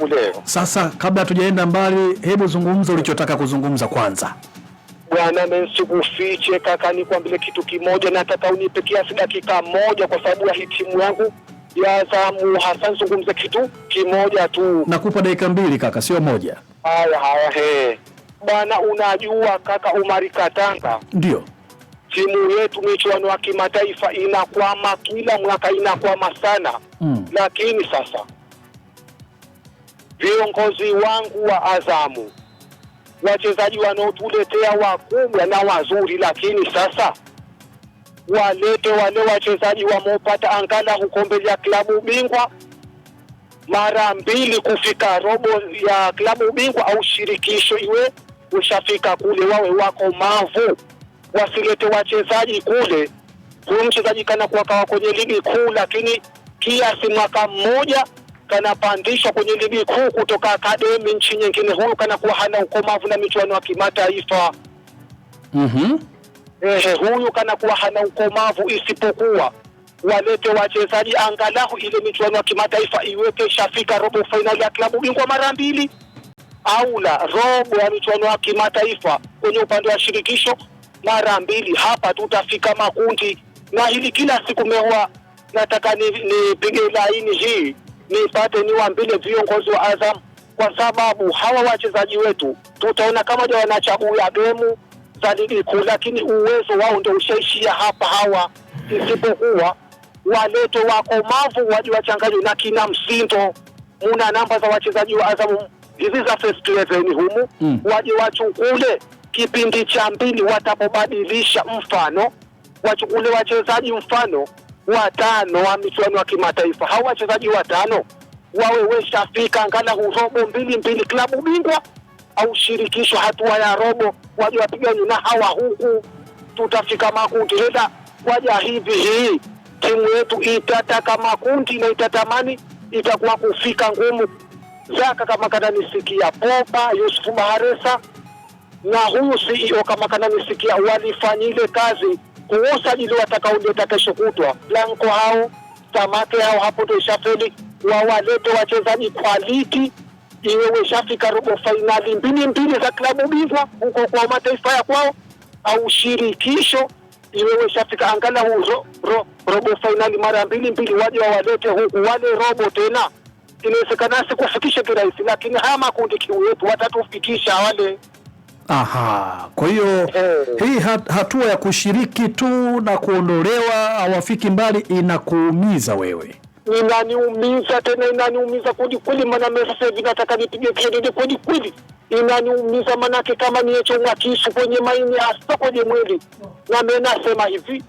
huku leo. Sasa kabla hatujaenda mbali, hebu zungumza ulichotaka kuzungumza kwanza. Bwana mensikufiche kaka, nikwambie kitu kimoja, nataka unipe kiasi dakika moja kwa sababu ya hitimu yangu ya zamu. Hasan, zungumze kitu kimoja tu. Nakupa dakika mbili kaka, sio moja. Haya haya, he bwana, unajua kaka Umari Katanga, ndio timu yetu michuano ya kimataifa inakwama kila mwaka, inakwama sana mm. Lakini sasa viongozi wangu wa Azamu, wachezaji wanaotuletea wakubwa na wazuri, lakini sasa walete wale wachezaji wanaopata angala kombe ya klabu bingwa mara mbili kufika robo ya klabu bingwa au shirikisho, iwe ushafika kule, wawe wako mavu, wasilete wachezaji kule. Huyu mchezaji kana kuwa kwenye ligi kuu, lakini kiasi mwaka mmoja kanapandishwa kwenye ligi kuu kutoka akademi nchi nyingine, huyu kanakuwa hana ukomavu na michuano ya kimataifa. mm-hmm. Ehe, huyu kanakuwa hana ukomavu, isipokuwa walete wachezaji angalau ile michuano ya kimataifa iweke shafika robo fainali ya klabu bingwa mara mbili au la robo ya michuano ya kimataifa kwenye upande wa shirikisho mara mbili, hapa tutafika makundi. Na hili kila siku mewa nataka nipige ni laini hii nipate niwaambie viongozi wa Azam, kwa sababu hawa wachezaji wetu tutaona kama ndio wanachagua gemu za ligi kuu, lakini uwezo wao ndio ushaishia hapa. Hawa isipokuwa waleto wakomavu waje wachanganywe na kina Msindo. Muna namba za wachezaji wa Azamu hizi za first eleven humu mm. waje wachukule kipindi cha mbili watapobadilisha, mfano wachukule wachezaji mfano watano wa michuano ya kimataifa, hao wachezaji watano wawe weshafika angalau robo mbili mbili, klabu bingwa au shirikisho hatua ya robo, waje wapiga na hawa huku, tutafika makundi hela waja hivi. Hii timu yetu itataka makundi na itatamani, itakuwa kufika ngumu zaka kama kananisikia Popa Yusufu Baharesa na huyu CEO kama kananisikia, walifanyile kazi kuusajili watakaoje takeshokutwa blanko hao Tamake hao hapo ndio ishafeli, wawalete wachezaji kwaliti iwe weshafika robo fainali mbili mbili za klabu bingwa huko kwa mataifa ya kwao, au shirikisho iwe weshafika angalau ro, ro, robo fainali mara mbili mbili, waje wawalete huku wale robo tena. Inawezekana sikufikishe kirahisi, lakini haya makundi kiu yetu watatufikisha wale Aha, kwa hiyo eh. hii hatua ya kushiriki tu na kuondolewa hawafiki mbali, inakuumiza wewe? Inaniumiza tena, inaniumiza kweli kweli, maana hivi nataka nipige kelele kweli kweli, inaniumiza manake kama niyechomakisu kwenye maini hasa kwenye mwili. Nami nasema hivi,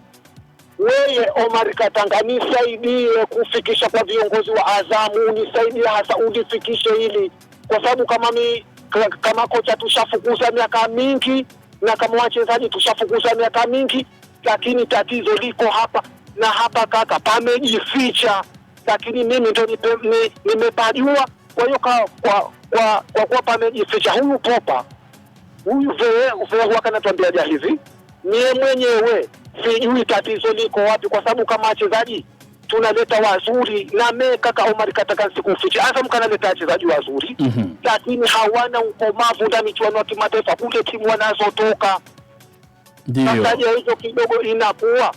wewe Omar Katanga, nisaidie kufikisha kwa viongozi wa Azamu, nisaidie hasa ulifikishe hili, kwa sababu kama mi kama kocha tushafukuza miaka mingi na kama wachezaji tushafukuza miaka mingi, lakini tatizo liko hapa na hapa, kaka, pamejificha. Lakini mimi ndo nimepajua, kwa hiyo kwa kwa kwa kwa kuwa pamejificha, huyu popa huyu Verwa kanatuambia hivi, mie mwenyewe sijui tatizo liko wapi, kwa sababu kama wachezaji tunaleta wazuri na me kaka Omar kataka sikufiche, hasa mkanaleta wachezaji wazuri mm -hmm. lakini hawana ukomavu ndani michuano ya kimataifa kule timu wanazotoka sasa. hiyo hizo kidogo inakuwa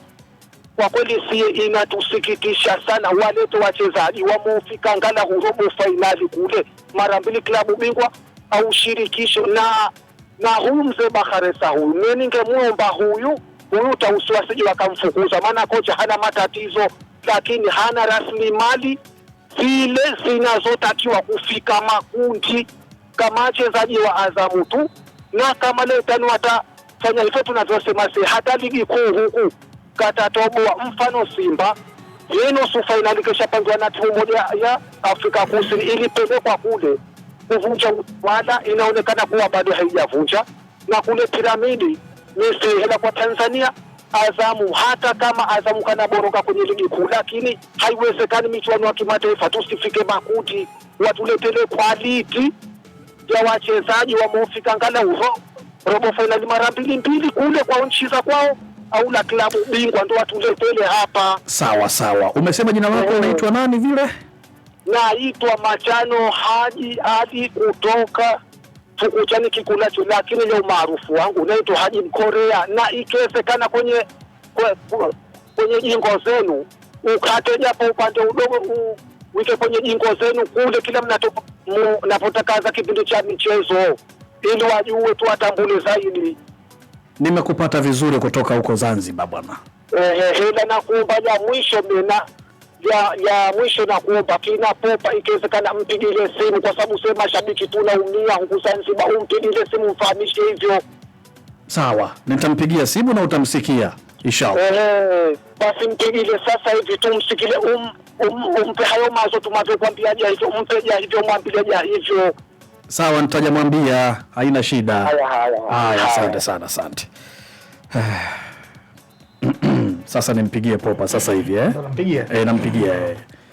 kwa kweli si inatusikitisha sana. Walete wachezaji wamefika ngala robo fainali kule mara mbili klabu bingwa au shirikisho, na na huyu mzee Bakharesa huyu mimi ningemwomba huyu huyu tausiwasiji wakamfukuza, maana kocha hana matatizo lakini hana rasilimali zile zinazotakiwa kufika makundi kama wachezaji wa Azamu tu, na kama leo tani watafanya hivyo tunavyosema, si hata ligi kuu huku katatoboa. Mfano Simba ye nusu fainali kishapangiwa na timu moja ya Afrika Kusini ilipelekwa kule kuvunja utawala, inaonekana kuwa bado haijavunja na kule piramidi ni sehela kwa Tanzania. Azamu hata kama Azamu kanaboroka kwenye ligi kuu, lakini haiwezekani michuano ya kimataifa tusifike makuti, watuletele kwaliti ya wachezaji ngala ngalau robo fainali mara mbili mbili kule kwa nchi za kwao au la klabu bingwa ndo watuletele hapa. Sawa sawa, umesema jina lako eh. unaitwa nani? Vile naitwa Machano Haji Ali kutoka tukuchani kikulacho, lakini leo umaarufu wangu unaitwa Haji Mkorea, na ikiwezekana kwenye kwenye jingo zenu ukate japo upande udogo wike kwenye jingo zenu kule, kila mnapotakaza kipindi cha michezo, ili wajue tu watambule zaidi. Nimekupata vizuri kutoka huko Zanzibar bwana. Ehe, hela na ya mwisho mina ya mwisho na kuomba kinapopa, ikiwezekana mpigile simu, kwa sababu sema mashabiki tu naumia huku Zanzibar, umpigile simu mfahamishe hivyo. Sawa, nitampigia simu na utamsikia inshallah. basi mpigile sasa hivi tu, msikile um, um, umpe hayo mazo tunavyokwambia ja hivyo, mpe ja hivyo, mwambie ja hivyo. Sawa, nitajamwambia, haina shida. Haya, haya, haya, asante sana, asante Sasa nimpigie popa sasa hivi eh? Nampigia eh, nampigia eh.